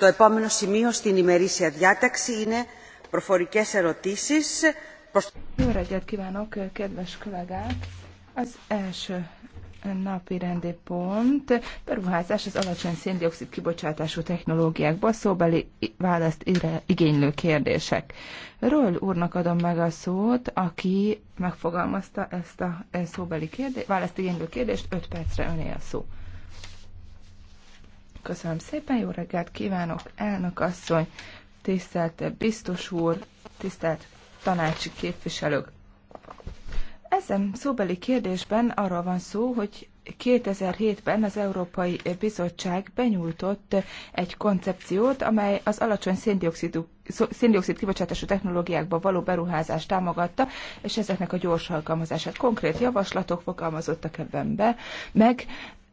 Το επόμενο σημείο στην ημερήσια διάταξη είναι προφορικές ερωτήσεις. kedves kollégák! Az első napi rendi pont beruházás az alacsony széndiokszid kibocsátású technológiákba szóbeli választ igénylő kérdések. Ről úrnak adom meg a szót, aki megfogalmazta ezt a e, szóbeli kérdést, választ igénylő kérdést, 5 percre öné a szó. Köszönöm szépen, jó reggelt kívánok, elnök asszony, tisztelt biztos úr, tisztelt tanácsi képviselők. Ezen szóbeli kérdésben arról van szó, hogy 2007-ben az Európai Bizottság benyújtott egy koncepciót, amely az alacsony széndiokszid kibocsátású technológiákba való beruházást támogatta, és ezeknek a gyors alkalmazását. Konkrét javaslatok fogalmazottak ebben be, meg